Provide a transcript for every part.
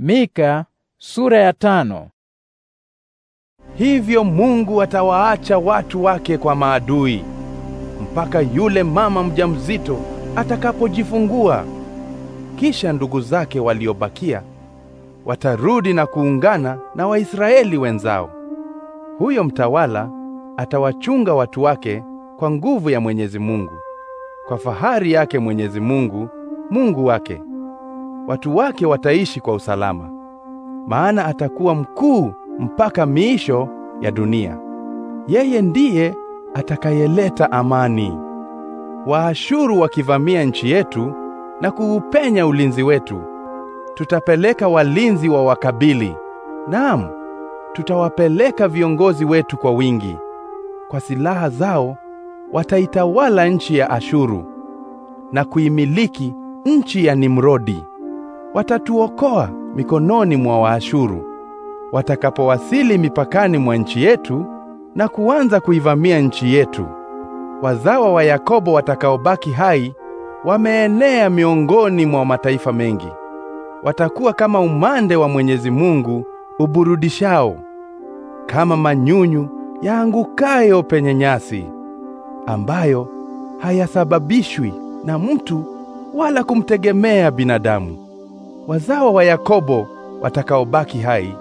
Mika sura ya tano. Hivyo Mungu atawaacha watu wake kwa maadui mpaka yule mama mjamzito atakapojifungua. Kisha ndugu zake waliobakia watarudi na kuungana na Waisraeli wenzao. Huyo mtawala atawachunga watu wake kwa nguvu ya Mwenyezi Mungu, kwa fahari yake Mwenyezi Mungu, Mungu wake watu wake wataishi kwa usalama, maana atakuwa mkuu mpaka miisho ya dunia. Yeye ndiye atakayeleta amani. Waashuru wakivamia nchi yetu na kuupenya ulinzi wetu, tutapeleka walinzi wa wakabili. Naam, tutawapeleka viongozi wetu kwa wingi. Kwa silaha zao wataitawala nchi ya Ashuru na kuimiliki nchi ya Nimrodi watatuokoa mikononi mwa Waashuru watakapowasili mipakani mwa nchi yetu na kuanza kuivamia nchi yetu. Wazawa wa Yakobo watakaobaki hai wameenea miongoni mwa mataifa mengi, watakuwa kama umande wa Mwenyezi Mungu uburudishao, kama manyunyu yaangukayo penye nyasi, ambayo hayasababishwi na mtu wala kumtegemea binadamu. Wazawa wa Yakobo watakaobaki hai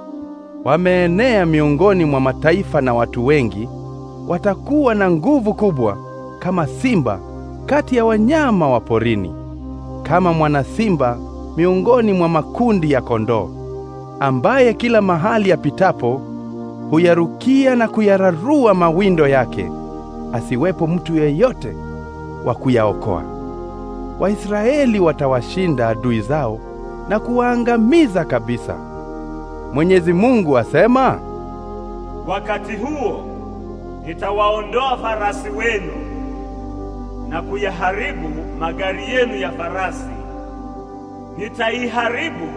wameenea miongoni mwa mataifa na watu wengi, watakuwa na nguvu kubwa kama simba kati ya wanyama wa porini, kama mwana simba miongoni mwa makundi ya kondoo, ambaye kila mahali apitapo huyarukia na kuyararua mawindo yake, asiwepo mtu yeyote wa kuyaokoa. Waisraeli watawashinda adui zao na kuwaangamiza kabisa. Mwenyezi Mungu asema, wakati huo nitawaondoa farasi wenu na kuyaharibu magari yenu ya farasi. Nitaiharibu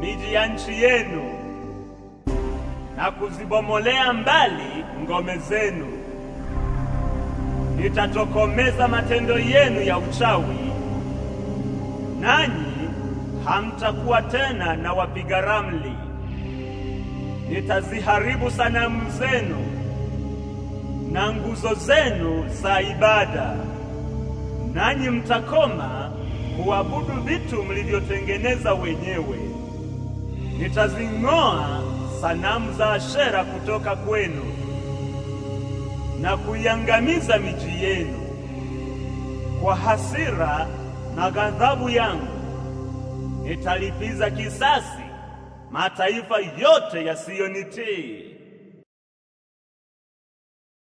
miji ya nchi yenu na kuzibomolea mbali ngome zenu. Nitatokomeza matendo yenu ya uchawi, nanyi hamtakuwa tena na wapiga ramli. Nitaziharibu sanamu zenu na nguzo zenu za ibada, nanyi mtakoma kuabudu vitu mlivyotengeneza wenyewe. Nitazing'oa sanamu za Ashera kutoka kwenu na kuiangamiza miji yenu kwa hasira na ghadhabu yangu nitalipiza kisasi mataifa yote yasiyonitii.